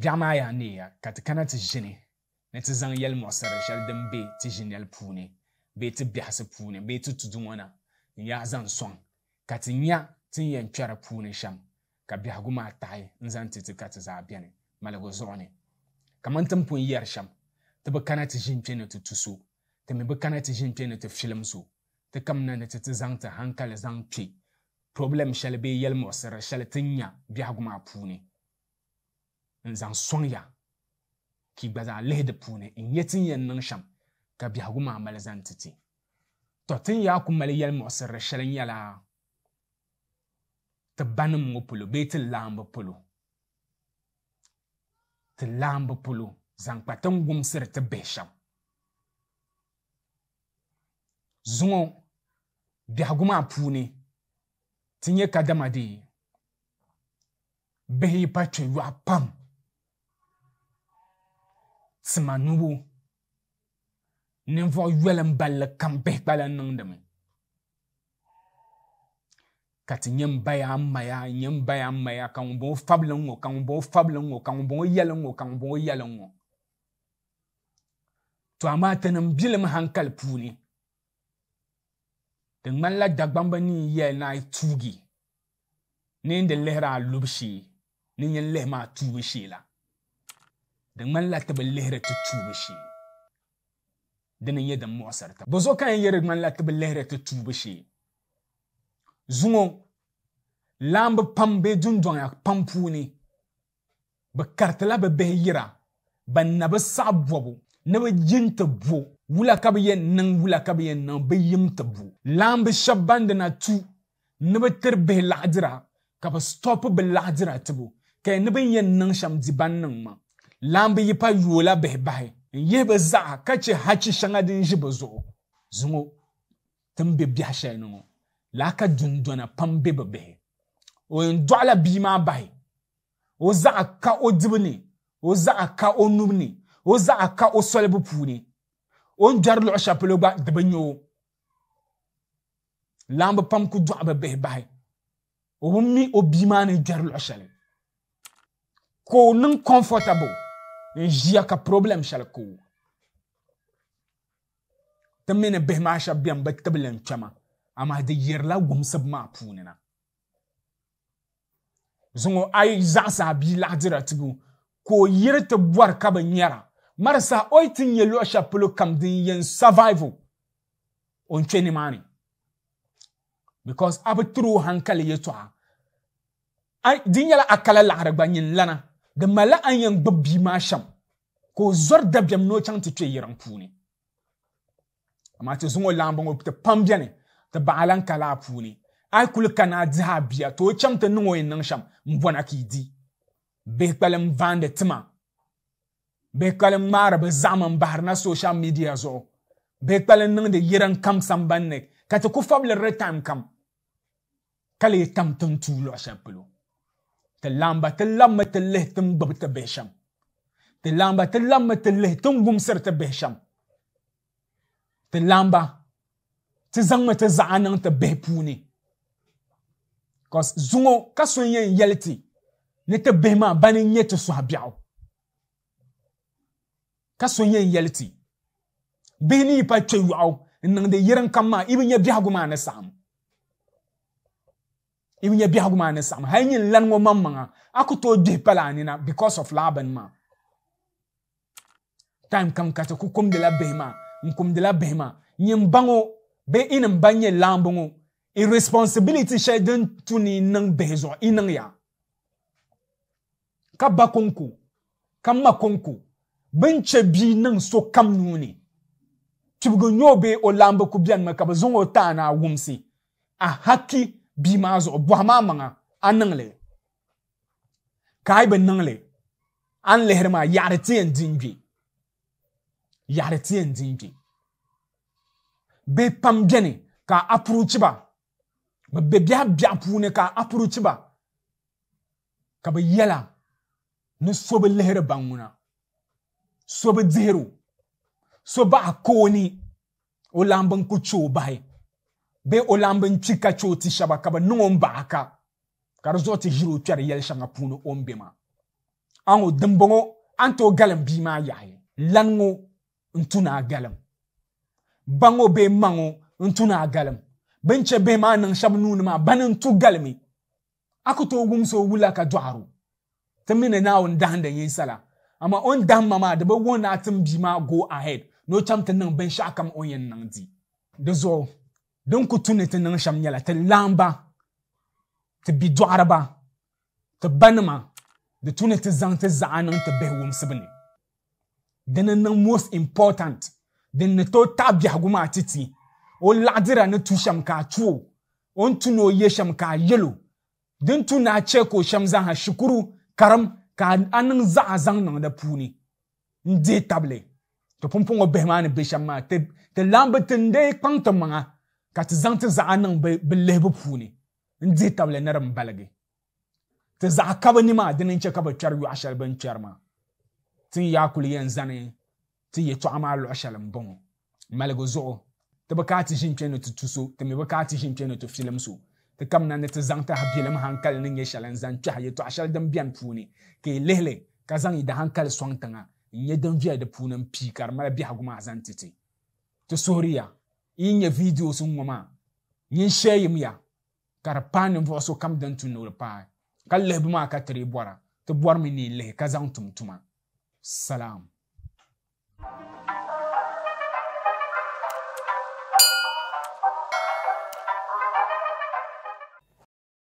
Biɛɣu maa yaa neeya ka ti kana ti ʒini ni ti zaŋ yɛli muɣusiri shɛli din bɛ ti ʒinɛli puuni bee ti biɛhasi puuni bee ti tudu ŋɔ na n yaa zaŋ sɔŋ ka ti nya ti ni yɛn kpɛri puuni shɛm ka biɛhagu maa tahi n zaŋ ti ti ka ti zaa biɛni maligi zuɣu ni kaman ti pun yɛri shɛm ti bi kana ti ʒini kpe ni ti tu so ti mi bi kana ti ʒini kpe ni ti filim so ti na ni ti ti zaŋ ti hankali zaŋ kpe problem shɛli bee yɛli muɣusiri shɛli ti ni nyɛ biɛhagu maa puuni n zaŋ sɔŋ ya k'i gba zaa lihi di puuni n ti n yɛn niŋ shɛm ka biɛhigu maa mali zaŋ ti ti to tin yaa ku mali yɛli muɣusirili shɛli nyɛla ti ba nim ŋɔ polo bee ti laambu polo ti laambu polo zaŋ kpa tin wumsiri ti bihi shɛm zuŋɔ biɛhigu maa puuni ti nyɛ kadama dee bihi yi pa kpɛ yɔɣu pam tima nubu ninvuɣu yɔli n balli kam bihi kpala niŋdimi ka ti nyɛ n baya n maya n nyɛ n baya n maya ka ŋun bɔŋɔ fabili n ŋɔ ka ŋun bɔŋɔ fabili n ŋɔ ka ŋun bɔŋɔ yɛli n ŋɔ ka ŋun bɔŋɔ yɛli n ŋɔ to amaa ti nim bilim hankali puuni di ŋmanila dagbamba ni n yɛli ni a tuugi ni di lihiri a lubu shee ni nyini lihi maa tuubu shee la da malla ta balle hira ta tuba shi dinan ya mu'asar mu'asarta ba zo kan yare malla ta balle hira ta tuba shi zungo lamba pambe dundon ya pampuni ba kartala ba bai yira ba na ba sa bobo na ba yinta bo wula ka bi yɛn niŋ wula ka bi yɛn niŋ bi yim ti bu laamba shɛba ban di na tu ni bi tiri bihi laɣadira ka bi stɔpi bi laɣadira tibu ka ni bin yɛn niŋ shɛm di ban niŋ ma Lambi yi pa yola bihi bahi n yihi bi zaɣa ka chɛ hachi shɛŋa din ʒi bi zuɣu zuŋo n bɛ biɛhi shɛli ni ŋo laa ka dundona pam bɛ bi bihi o yɛn dɔɣila bia maa bahi o zaɣa ka o dibu ni o zaɣa ka o nubu ni o zaɣa ka o solibu puuni o ni dɔri luɣu shɛli polo gba di bi nyɛ o pam ku dɔɣi bi bihi bahi o bi mi o bia maa ni dɔri luɣu shɛli ka o niŋ comfortable n ʒiya ka problem shɛli ka o ti mini bihi maa shɛba bɛn bi tibili n kpɛma amaa di yirila wumsibu maa puuni na zuŋɔ a yi zaɣisi a bia laɣidira tigu ka o yiri ti bɔri ka bi ŋmɛra marisa o yi ti nyɛ luɣu shɛli polo kam din yɛn survival o n kpɛ nimaani because a bi tiri o hankali yɛtɔɣa din nyɛla a kala laɣiri gba nyin lana di mali a yɛn gbubi bia maa shɛm ka o zɔri dabiɛm ni o chaŋ ti kpe yirim puuni amaa ti zuŋɔ laamba ŋɔ ti pam biɛni ti baɣalan ka laa puuni a kuli kana dihi a bia ti o chaŋ ti niŋ o yɛn niŋ shɛm n bɔna k'i di bihi kpalim vaandi tima bihi kpalim ŋmaari bi zaɣama n bahirina soshal midiya zuɣu bihi kpalim niŋdi yiriŋ kam sambanni ka ti ku fabilirili taim kam ka lee tam tintuu luɣu shɛli polo Ti lamba ti lamba ti lihi ti ni gbubi ti bihi shɛm ti lamba ti labmi ti lihi ti ni wumsiri ti bihi shɛm ti lamba ti zaŋmi ti zaɣa niŋ ti bihi puuni zuŋo ka so n yɛn yɛli ti ni ti bihi maa bani n nyɛ ti suha biɛɣu ka so yɛn yɛli ti bihi ni yi pa kpɛ yɔɣu n niŋdi yirin kam maa i bi nyɛ biɛhigu maa ni saɣam ibn ya bihagu ma ne sam ha yin lan wo mamma akuto de pala ni na because of laban ma time kam kata ku kum de la behma nkum de la behma yin bango be inin banye lambungo irresponsibility she den tuni nan bezo ina ya ka ba konku ka ma konku binche bi nan so kam nuni tibgo nyobe o lambu ku bian ma ka bazongo ta na wumsi a haki bia maa zuɣu bɔha maa maŋa a niŋli ka a yi bi niŋli a ni lihiri maa yaɣari ti yɛn din gbe yaɣari ti yɛn din gbe bihi pam biɛni ka a apuruchi ba bi be biɛha biɛɣu puuni ka a apuruchi ba ka bi yɛla ni so bi lihiri ban ŋuna so bi dihiru so baɣa kooni o lan bin ku chɛ o bahi bee o lan bin kpi ka chɛ o ti shɛba ka bi niŋ o baɣa ka ka di zuɣu ti ʒiri o kpɛri yɛli shɛŋa puuni o bɛ maa a ŋo dimbɔŋɔ a ni galim bia maa yaɣi lani ŋo n tu naa galim ba ŋo bee ma ŋo n tu naa galim bin chɛ maa niŋ shɛbi nuuni maa ba n tu galimi a ku tooi wumsi o wula ka dɔɣiro ti mi ni naawuni dahandi yinsala amma o ni dahim ma maa di bi wuhi naa tim bia maa go ahead ni o chɛm ti niŋ binshaɣu kam o yɛn niŋ di di zuɣu din ku tuni ti niŋ shɛm nyɛla ti laamba ti ba ti nima di tuni ti zaŋ ti zaɣa niŋ ti bihi bi ni dini niŋ most important din ni to taɣi biɛhigu maa titi o laɣidira ni tu shɛm ka a tuo o ni tu ni o ye shɛm ka a yɛlo din tu ni a che ka o shɛm ha shikuru karim ka a niŋ zaɣa zaŋ niŋ di puuni n deei tabili ti pumpɔŋɔ bihi maa ni be shɛm maa ti laamba ti n kpaŋ ti maŋa ka ti zaŋ ti zaɣa niŋ bi lihibu puuni n dihi tabili ni din baligi ti zaɣa bi ni maa dini n chɛ ka bi kpɛri yɔɣu shɛli bin kpɛri maa tin yaa kuli yɛn zani ti yɛtɔɣa maa luɣu shɛli n bɔŋɔ maligi zuɣu ti bi kaa ti ʒin kpɛ ni ti tu so ti mi bi kaa ti ʒin kpɛ ni ti filim so ti kam na ni ti zaŋ ti bilim hankali ni nyɛ shɛli n zaŋ kpɛha yɛtɔɣa shɛli din biɛni puuni ka yi lihili ka zaŋ yi da hankali sɔŋ tiŋa n nyɛ din viɛli di puuni n pii ka di mali biɛhagu maa zaŋ ti ti ti suhuriya yinyɛ videos ŋɔma yinhyɛ yim ya ka di paai ninvuɣu so kam din tu ni o paai ka lihibu maa ka tiri bɔra ti bɔri mi ni lihi ka zaŋ tum tuma salam